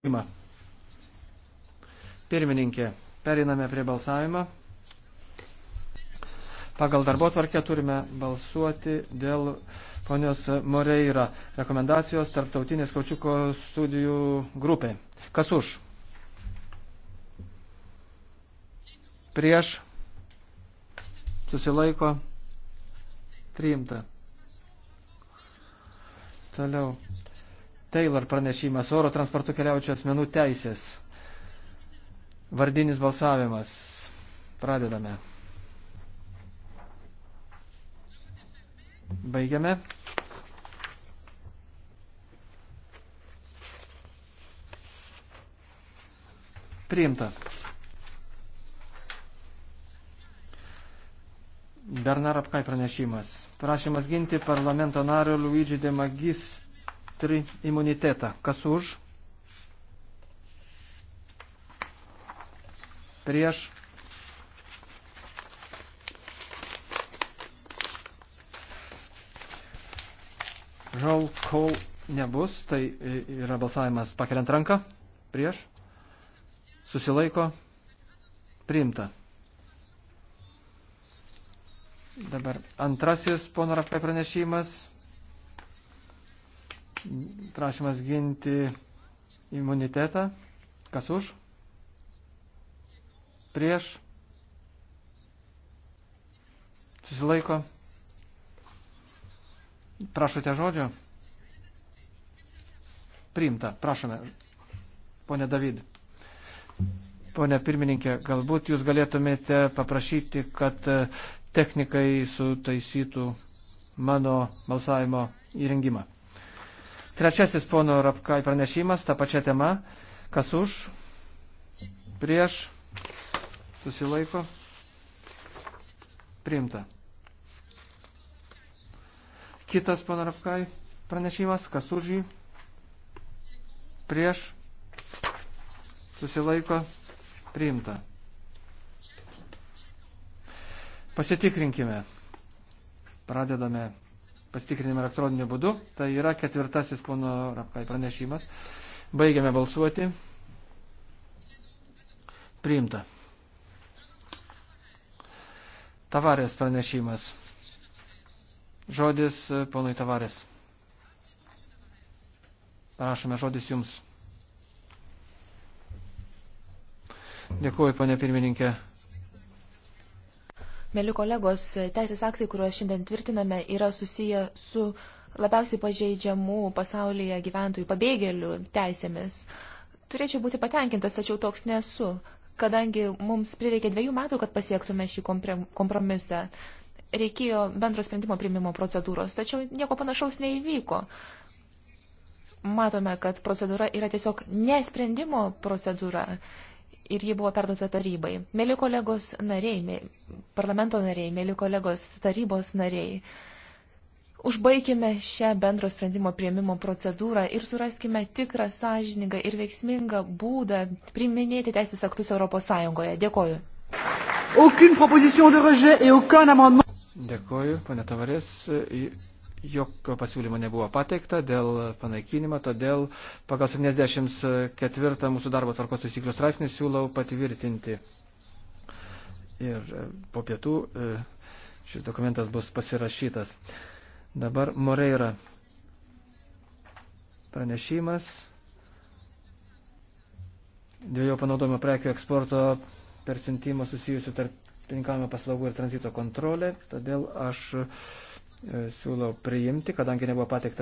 balsavimą. Pirmininkė, periname prie balsavimo. Pagal darbo tvarkę turime balsuoti dėl ponios Moreira rekomendacijos tarptautinės kaučiuko studijų grupė. Kas už? Prieš? Susilaiko? Priimta. Toliau. Taylor pranešimas oro transportu keliaujančių asmenų teisės. Vardinis balsavimas. Pradedame. Baigiame. Priimta. Bernard Apkai pranešimas. Prašymas ginti parlamento nario Luigi de Magist tri imunitetą. Kas už? Prieš. Žal, kol nebus, tai yra balsavimas pakeliant ranką. Prieš. Susilaiko. Priimta. Dabar antrasis pono Rapai pranešimas prašymas ginti imunitetą. Kas už? Prieš? Susilaiko? Prašote žodžio? Priimta, prašome. Pone David. Pone pirmininkė, galbūt jūs galėtumėte paprašyti, kad e, technikai sutaisytų mano balsavimo įrengimą. Trečiasis pono Rapkai pranešimas, ta pačia tema. Kas už? Prieš? Susilaiko? Priimta. Kitas pono Rapkai pranešimas. Kas už jį? Prieš? Susilaiko? Priimta. Pasitikrinkime. Pradedame pasitikrinimą elektroniniu būdu. Tai yra ketvirtasis pono Rapkai pranešimas. Baigiame balsuoti. Priimta. Tavarės pranešimas. Žodis e, ponui Tavarės. Prašome, žodis jums. Dėkuoju, ponė pirmininkė. Mėly kolegos, teisės aktai, kuriuos šiandien tvirtiname, yra susiję su labiausiai pažeidžiamų pasaulyje gyventojų pabėgėlių teisėmis. Turėčiau būti patenkintas, tačiau toks nesu, kadangi mums prireikė dviejų metų, kad pasiektume šį kompromisą. Reikėjo bendro sprendimo priimimo procedūros, tačiau nieko panašaus neįvyko. Matome, kad procedūra yra tiesiog nesprendimo procedūra ir ji buvo perduota tarybai. Mėly kolegos nariai, mė, parlamento nariai, mėly kolegos tarybos nariai, užbaikime šią bendro sprendimo prieimimo procedūrą ir suraskime tikrą, sąžiningą ir veiksmingą būdą priminėti teisės aktus ES. Dėkoju. Dėkoju, pane Tavarės jokio pasiūlymo nebuvo pateikta dėl panaikinimo, todėl pagal 74 mūsų darbo tvarkos taisyklių straipsnį siūlau patvirtinti. Ir e, po pietų e, šis dokumentas bus pasirašytas. Dabar Moreira pranešimas dviejų panaudojimo prekių eksporto per siuntimo susijusių tarp pininkavimo paslaugų ir tranzito kontrolė. Todėl aš siūlo priimti, kadangi nebuvo pateikta